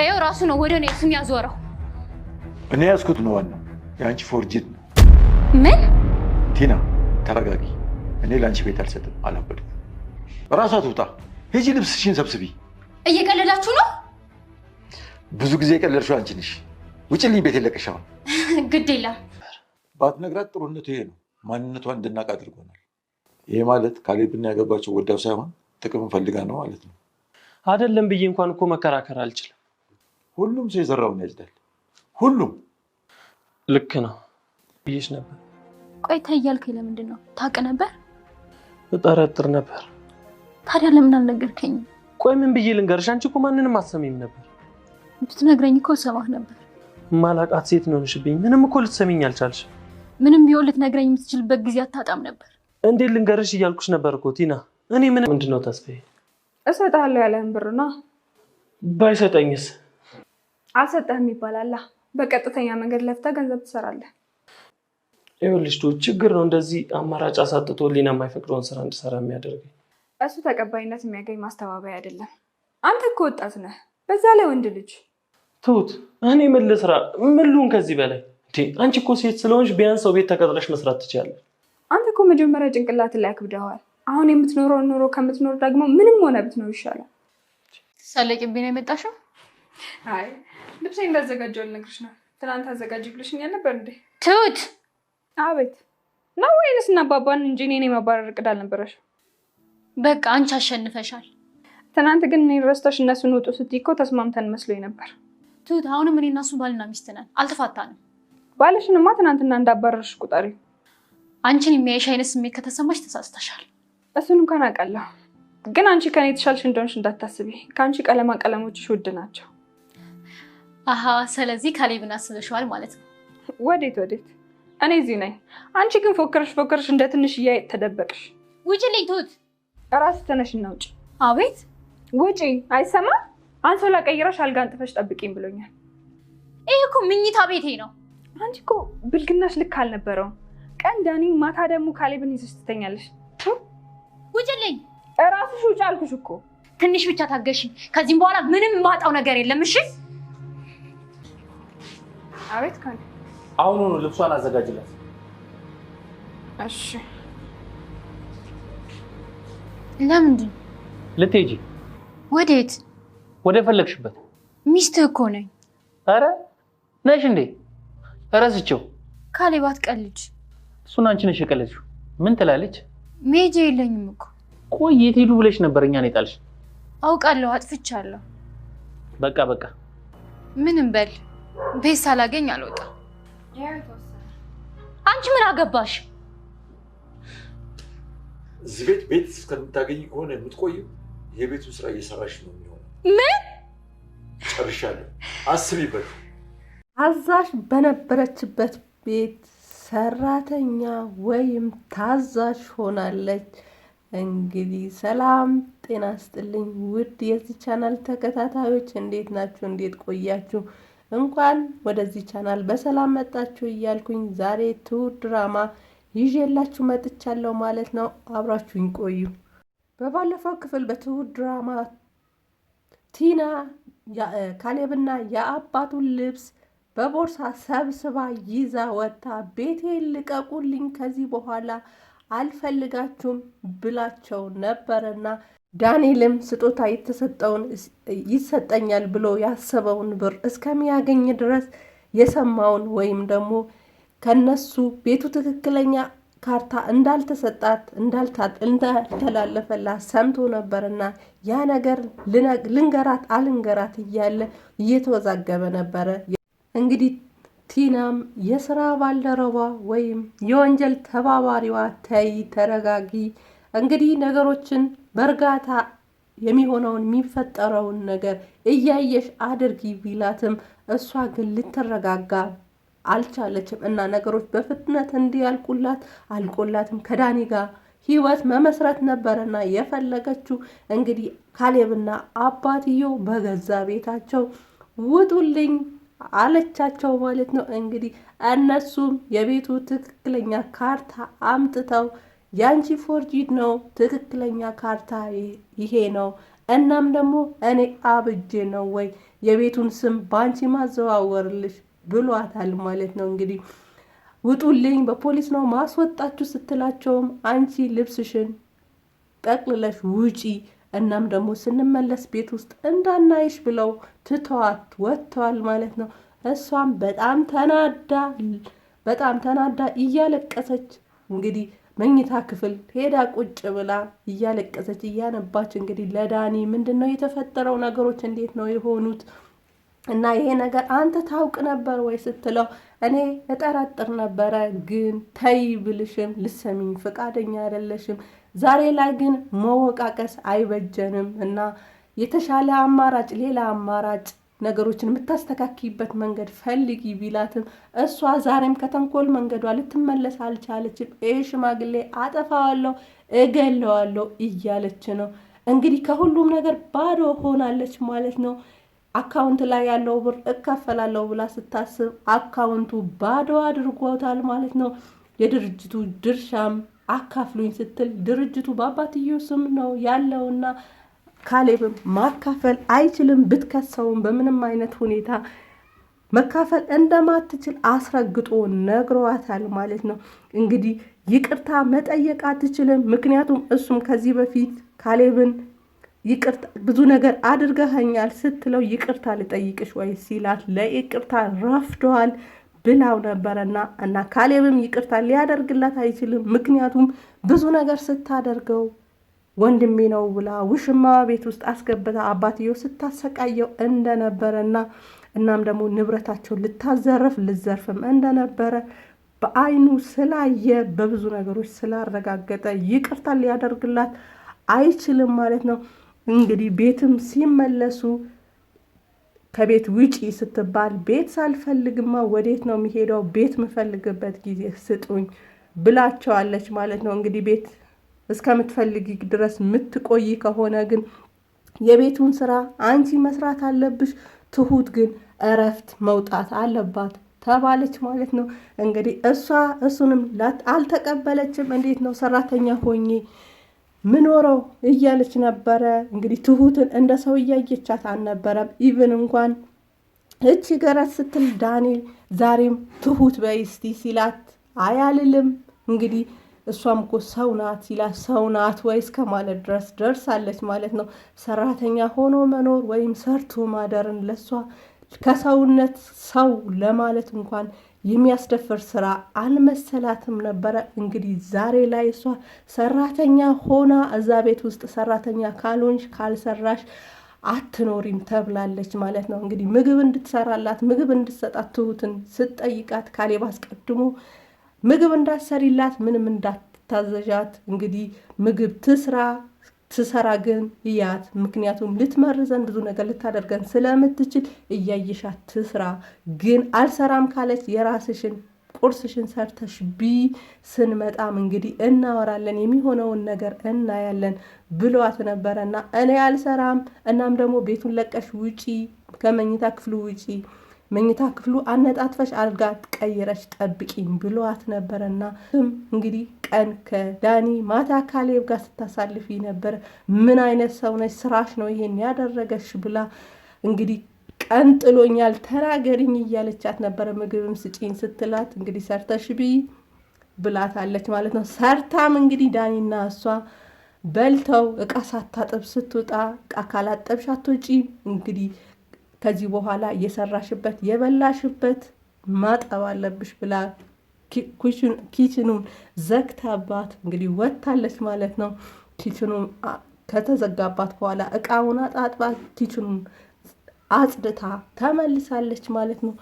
ይኸው ራሱ ነው ወደ እኔ ስም ያዞረው። እኔ ያዝኩት ነው ዋናው፣ የአንቺ ፎርጅት ነው። ምን? ቲና ተረጋጊ። እኔ ለአንቺ ቤት አልሰጥም፣ አላበድኩም። እራሷ ትውጣ። ሂጂ ልብስሽን ሰብስቢ። እየቀለላችሁ ነው። ብዙ ጊዜ የቀለልሽው አንቺ ነሽ። ውጭልኝ፣ ቤት የለቅሽ። አሁን ግድ የለም ባትነግራት፣ ጥሩነቱ ይሄ ነው። ማንነቷን እንድናቅ አድርጎናል። ይሄ ማለት ካሌብና ያገባቸው ወዳው ሳይሆን ጥቅም ፈልጋ ነው ማለት ነው። አይደለም ብዬ እንኳን እኮ መከራከር አልችልም። ሁሉም ሰው የዘራውን ያጭዳል። ሁሉም ልክ ነው ብዬሽ ነበር። ቆይታ እያልከኝ ለምንድን ነው? ታውቅ ነበር? እጠረጥር ነበር። ታዲያ ለምን አልነገርከኝም? ቆይ ምን ብዬ ልንገርሽ? አንቺ እኮ ማንንም አትሰሚም ነበር። ብትነግረኝ እኮ እሰማህ ነበር። ማላቃት ሴት ነው ሆንሽብኝ። ምንም እኮ ልትሰሚኝ አልቻልሽ። ምንም ቢሆን ልትነግረኝ የምትችልበት ጊዜ አታጣም ነበር። እንዴት ልንገርሽ እያልኩሽ ነበር እኮ ቲና። እኔ ምን ምንድን ነው ተስፋዬ? እሰጥሃለሁ ያለህን ብርና ባይሰጠኝስ አልሰጠህም ይባላል። በቀጥተኛ መንገድ ለፍታ ገንዘብ ትሰራለህ። ይኸውልሽ ችግር ነው እንደዚህ አማራጭ አሳጥቶ ሊና የማይፈቅደውን ስራ እንድሰራ የሚያደርገኝ። እሱ ተቀባይነት የሚያገኝ ማስተባበያ አይደለም። አንተ እኮ ወጣት ነህ፣ በዛ ላይ ወንድ ልጅ። ትሁት እኔ ምን ልስራ? ምሉን ከዚህ በላይ እንዴ? አንቺ እኮ ሴት ስለሆንሽ ቢያንስ ሰው ቤት ተቀጥረሽ መስራት ትችያለሽ። አንተ እኮ መጀመሪያ ጭንቅላት ላይ አክብደዋል። አሁን የምትኖረው ኑሮ ከምትኖር ደግሞ ምንም ሆነ ብትኖር ይሻላል። ሰለቂብኝ ነው የመጣሽው አይ ልብሴ እንዳዘጋጀው ልነግርሽ ነው። ትናንት አዘጋጅ ብለሽኛል ነበር እንዴ? ትሁት። አቤት። ነው ወይንስ እናባባን እንጂ እኔን የማባረር እቅድ አልነበረሽ? በቃ አንቺ አሸንፈሻል። ትናንት ግን እኔን ረስተሽ እነሱን ውጡ ስትይ እኮ ተስማምተን መስሎኝ ነበር። ትሁት፣ አሁንም እኔ እና እሱ ባልና ሚስት ነን፣ አልተፋታንም። ባልሽንማ ትናንትና እንዳባረርሽ ቁጠሪ። አንቺን የሚያይሽ አይነት ስሜት ከተሰማሽ ተሳስተሻል። እሱን እንኳን አውቃለሁ፣ ግን አንቺ ከኔ የተሻልሽ እንደሆንሽ እንዳታስቢ። ከአንቺ ቀለማ ቀለሞችሽ ውድ ናቸው። አሀ ስለዚህ ካሌብን አስበሽዋል ማለት ነው። ወዴት ወዴት? እኔ እዚህ ነኝ። አንቺ ግን ፎከረሽ ፎከረሽ እንደ ትንሽ እያየ ተደበቅሽ። ውጭ ልኝ ትሁት። ተነሽ ተነሽና ውጭ። አቤት ውጪ። አይሰማም። አንሶላ ቀይረሽ አልጋ አንጥፈሽ ጠብቂኝ ብሎኛል። ይህ እኮ ምኝታ ቤቴ ነው። አንቺ እኮ ብልግናሽ ልክ አልነበረውም። ቀን ዳኒ፣ ማታ ደግሞ ካሌብን ይዘሽ ትተኛለሽ። ውጭልኝ። እራስሽ ውጭ አልኩሽ እኮ። ትንሽ ብቻ ታገሽኝ ከዚህም በኋላ ምንም ማጣው ነገር የለም። እሺ አቤት ካን አሁኑኑ ልብሷን አዘጋጅላት። እሺ። ለምንድን ልትሄጂ? ወዴት? ወደ ፈለግሽበት። ሚስትህ እኮ ነኝ። አረ ነሽ እንዴ? እረስቸው። ካሌብ አትቀልጅ። እሱን አንቺ ነሽ የቀለድሽው። ምን ትላለች? መሄጃ የለኝም እኮ። ቆይ የት ሄዱ ብለሽ ነበር? እኛን የጣልሽ። አውቃለሁ፣ አጥፍቻለሁ። በቃ በቃ፣ ምንም በል ቤት ሳላገኝ አልወጣም። አንቺ ምን አገባሽ? እዚህ ቤት ቤት እስከምታገኝ ከሆነ የምትቆይው የቤቱን ስራ እየሰራሽ ነው የሚሆነው። ምን ጨርሻለሁ። አስቢበት። አዛዥ በነበረችበት ቤት ሰራተኛ ወይም ታዛዥ ሆናለች። እንግዲህ ሰላም ጤና ስጥልኝ። ውድ የዚህ ቻናል ተከታታዮች እንዴት ናችሁ? እንዴት ቆያችሁ? እንኳን ወደዚህ ቻናል በሰላም መጣችሁ እያልኩኝ ዛሬ ትሁት ድራማ ይዤላችሁ መጥቻለሁ ማለት ነው። አብራችሁኝ ቆዩ። በባለፈው ክፍል በትሁት ድራማ ቲና ካሌብና የአባቱን ልብስ በቦርሳ ሰብስባ ይዛ ወጥታ ቤቴ ልቀቁልኝ፣ ከዚህ በኋላ አልፈልጋችሁም ብላቸው ነበረና ዳንኤልም ስጦታ የተሰጠውን ይሰጠኛል ብሎ ያሰበውን ብር እስከሚያገኝ ድረስ የሰማውን ወይም ደግሞ ከነሱ ቤቱ ትክክለኛ ካርታ እንዳልተሰጣት እንዳልተላለፈላት ሰምቶ ነበርና ያ ነገር ልንገራት አልንገራት እያለ እየተወዛገበ ነበረ። እንግዲህ ቲናም የስራ ባልደረባ ወይም የወንጀል ተባባሪዋ ተይ ተረጋጊ፣ እንግዲህ ነገሮችን በእርጋታ የሚሆነውን የሚፈጠረውን ነገር እያየሽ አድርጊ ቢላትም እሷ ግን ልትረጋጋ አልቻለችም እና ነገሮች በፍጥነት እንዲያልቁላት አልቆላትም። ከዳኒ ጋር ህይወት መመስረት ነበረና የፈለገችው እንግዲህ ካሌብና አባትየው በገዛ ቤታቸው ውጡልኝ አለቻቸው ማለት ነው። እንግዲህ እነሱም የቤቱ ትክክለኛ ካርታ አምጥተው ያንቺ ፎርጂድ ነው፣ ትክክለኛ ካርታ ይሄ ነው። እናም ደግሞ እኔ አብጄ ነው ወይ የቤቱን ስም በአንቺ ማዘዋወርልሽ ብሏታል ማለት ነው እንግዲህ ውጡልኝ፣ በፖሊስ ነው ማስወጣችሁ ስትላቸውም አንቺ ልብስሽን ጠቅልለሽ ውጪ፣ እናም ደግሞ ስንመለስ ቤት ውስጥ እንዳናይሽ ብለው ትተዋት ወጥተዋል ማለት ነው። እሷም በጣም ተናዳ በጣም ተናዳ እያለቀሰች እንግዲህ መኝታ ክፍል ሄዳ ቁጭ ብላ እያለቀሰች እያነባች እንግዲህ ለዳኒ ምንድን ነው የተፈጠረው? ነገሮች እንዴት ነው የሆኑት? እና ይሄ ነገር አንተ ታውቅ ነበር ወይ ስትለው እኔ እጠራጥር ነበረ፣ ግን ተይ ብልሽም ልሰሚኝ ፈቃደኛ አይደለሽም። ዛሬ ላይ ግን መወቃቀስ አይበጀንም እና የተሻለ አማራጭ ሌላ አማራጭ ነገሮችን የምታስተካክይበት መንገድ ፈልጊ ቢላትም እሷ ዛሬም ከተንኮል መንገዷ ልትመለስ አልቻለችም። ይህ ሽማግሌ አጠፋዋለሁ፣ እገለዋለሁ እያለች ነው። እንግዲህ ከሁሉም ነገር ባዶ ሆናለች ማለት ነው። አካውንት ላይ ያለው ብር እካፈላለሁ ብላ ስታስብ አካውንቱ ባዶ አድርጎታል ማለት ነው። የድርጅቱ ድርሻም አካፍሉኝ ስትል ድርጅቱ በአባትዮ ስም ነው ያለውና ካሌብም ማካፈል አይችልም። ብትከሰውም በምንም አይነት ሁኔታ መካፈል እንደማትችል አስረግጦ ነግሯታል ማለት ነው። እንግዲህ ይቅርታ መጠየቅ አትችልም። ምክንያቱም እሱም ከዚህ በፊት ካሌብን ይቅርታ ብዙ ነገር አድርገኸኛል ስትለው ይቅርታ ልጠይቅሽ ወይ ሲላት ለይቅርታ ረፍደዋል ብላው ነበረና እና ካሌብም ይቅርታ ሊያደርግላት አይችልም። ምክንያቱም ብዙ ነገር ስታደርገው ወንድሜ ነው ብላ ውሽማ ቤት ውስጥ አስገብታ አባትየው ስታሰቃየው እንደነበረና እናም ደግሞ ንብረታቸው ልታዘረፍ ልዘርፍም እንደነበረ በአይኑ ስላየ በብዙ ነገሮች ስላረጋገጠ ይቅርታ ሊያደርግላት አይችልም ማለት ነው። እንግዲህ ቤትም ሲመለሱ ከቤት ውጪ ስትባል ቤት ሳልፈልግማ ወዴት ነው የሚሄደው? ቤት የምፈልግበት ጊዜ ስጡኝ ብላቸዋለች ማለት ነው። እንግዲህ ቤት እስከምትፈልጊ ድረስ የምትቆይ ከሆነ ግን የቤቱን ስራ አንቺ መስራት አለብሽ። ትሁት ግን እረፍት መውጣት አለባት ተባለች ማለት ነው። እንግዲህ እሷ እሱንም አልተቀበለችም። እንዴት ነው ሰራተኛ ሆኜ ምኖረው እያለች ነበረ። እንግዲህ ትሁትን እንደ ሰው እያየቻት አልነበረም። ኢቭን እንኳን እቺ ገረት ስትል ዳንኤል ዛሬም ትሁት በይ እስቲ ሲላት አያልልም እንግዲህ እሷም እኮ ሰው ናት ይላል ሰው ናት ወይ እስከ ማለት ድረስ ደርሳለች ማለት ነው። ሰራተኛ ሆኖ መኖር ወይም ሰርቶ ማደርን ለእሷ ከሰውነት ሰው ለማለት እንኳን የሚያስደፍር ስራ አልመሰላትም ነበረ። እንግዲህ ዛሬ ላይ እሷ ሰራተኛ ሆና እዛ ቤት ውስጥ ሰራተኛ ካልሆንሽ ካልሰራሽ አትኖሪም ተብላለች ማለት ነው። እንግዲህ ምግብ እንድትሰራላት ምግብ እንድትሰጣት ትሁትን ስትጠይቃት ካሌብ አስቀድሞ ምግብ እንዳትሰሪላት ምንም እንዳትታዘዣት። እንግዲህ ምግብ ትስራ ትሰራ ግን እያት። ምክንያቱም ልትመርዘን ብዙ ነገር ልታደርገን ስለምትችል እያየሻት ትስራ። ግን አልሰራም ካለች የራስሽን ቁርስሽን ሰርተሽ ቢ ስንመጣም እንግዲህ እናወራለን የሚሆነውን ነገር እናያለን ብሏት ነበረና እኔ አልሰራም፣ እናም ደግሞ ቤቱን ለቀሽ ውጪ፣ ከመኝታ ክፍሉ ውጪ መኝታ ክፍሉ አነጣጥፈሽ አልጋ ቀይረሽ ጠብቂኝ ብሏት ነበረና ስም እንግዲህ ቀን ከዳኒ ማታ ካሌብ ጋር ስታሳልፊ ነበር። ምን አይነት ሰው ነች? ስራሽ ነው ይሄን ያደረገሽ ብላ እንግዲህ ቀን ጥሎኛል ተናገሪኝ እያለቻት ነበረ። ምግብም ስጪኝ ስትላት እንግዲህ ሰርተሽ ብይ ብላታለች ማለት ነው። ሰርታም እንግዲህ ዳኒና እሷ በልተው እቃ ሳታጥብ ስትወጣ እቃ ካላጠብሽ አትወጪም እንግዲህ ከዚህ በኋላ የሰራሽበት የበላሽበት ማጠብ አለብሽ ብላ ኪችኑን ዘግታባት እንግዲህ ወታለች ማለት ነው። ኪችኑ ከተዘጋባት በኋላ እቃውን አጣጥባ ኪችኑን አጽድታ ተመልሳለች ማለት ነው።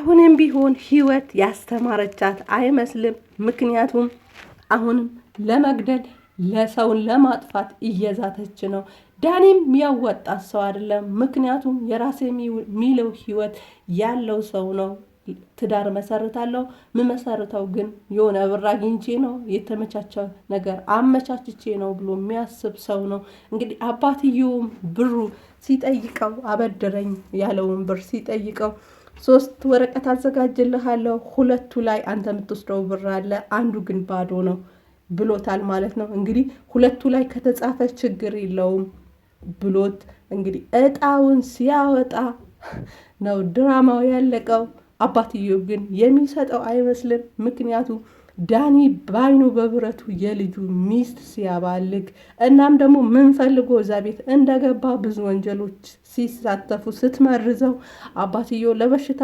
አሁንም ቢሆን ህይወት ያስተማረቻት አይመስልም። ምክንያቱም አሁንም ለመግደል ለሰውን ለማጥፋት እየዛተች ነው። ዳኒም የሚያወጣት ሰው አይደለም። ምክንያቱም የራሴ የሚለው ህይወት ያለው ሰው ነው። ትዳር መሰርታለሁ። ምመሰርተው ግን የሆነ ብር አግኝቼ ነው የተመቻቸ ነገር አመቻችቼ ነው ብሎ የሚያስብ ሰው ነው። እንግዲህ አባትየውም ብሩ ሲጠይቀው አበድረኝ ያለውን ብር ሲጠይቀው ሶስት ወረቀት አዘጋጅልሃለሁ፣ ሁለቱ ላይ አንተ የምትወስደው ብር አለ፣ አንዱ ግን ባዶ ነው ብሎታል ማለት ነው። እንግዲህ ሁለቱ ላይ ከተጻፈ ችግር የለውም ብሎት እንግዲህ እጣውን ሲያወጣ ነው ድራማው ያለቀው። አባትየው ግን የሚሰጠው አይመስልም። ምክንያቱም ዳኒ ባይኑ በብረቱ የልጁ ሚስት ሲያባልግ እናም ደግሞ ምን ፈልጎ እዛ ቤት እንደገባ ብዙ ወንጀሎች ሲሳተፉ ስትመርዘው፣ አባትየው ለበሽታ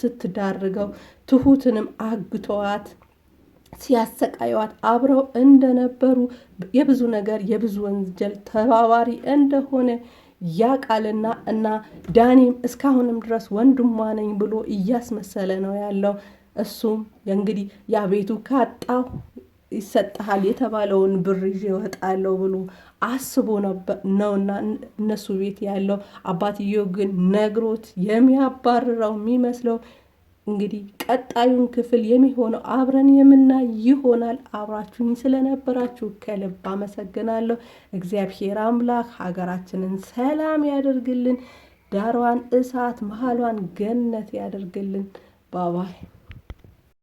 ስትዳርገው፣ ትሁትንም አግተዋት ሲያሰቃየዋት አብረው እንደነበሩ የብዙ ነገር የብዙ ወንጀል ተባባሪ እንደሆነ ያቃልና እና ዳኒም እስካሁንም ድረስ ወንድሟ ነኝ ብሎ እያስመሰለ ነው ያለው። እሱም እንግዲህ ያ ቤቱ ካጣው ይሰጠሃል የተባለውን ብር ይዤ እወጣለሁ ብሎ አስቦ ነውና እነሱ ቤት ያለው። አባትየው ግን ነግሮት የሚያባርረው የሚመስለው እንግዲህ ቀጣዩን ክፍል የሚሆነው አብረን የምናይ ይሆናል። አብራችሁኝ ስለነበራችሁ ከልብ አመሰግናለሁ። እግዚአብሔር አምላክ ሀገራችንን ሰላም ያደርግልን፣ ዳሯን እሳት መሀሏን ገነት ያደርግልን። ባባይ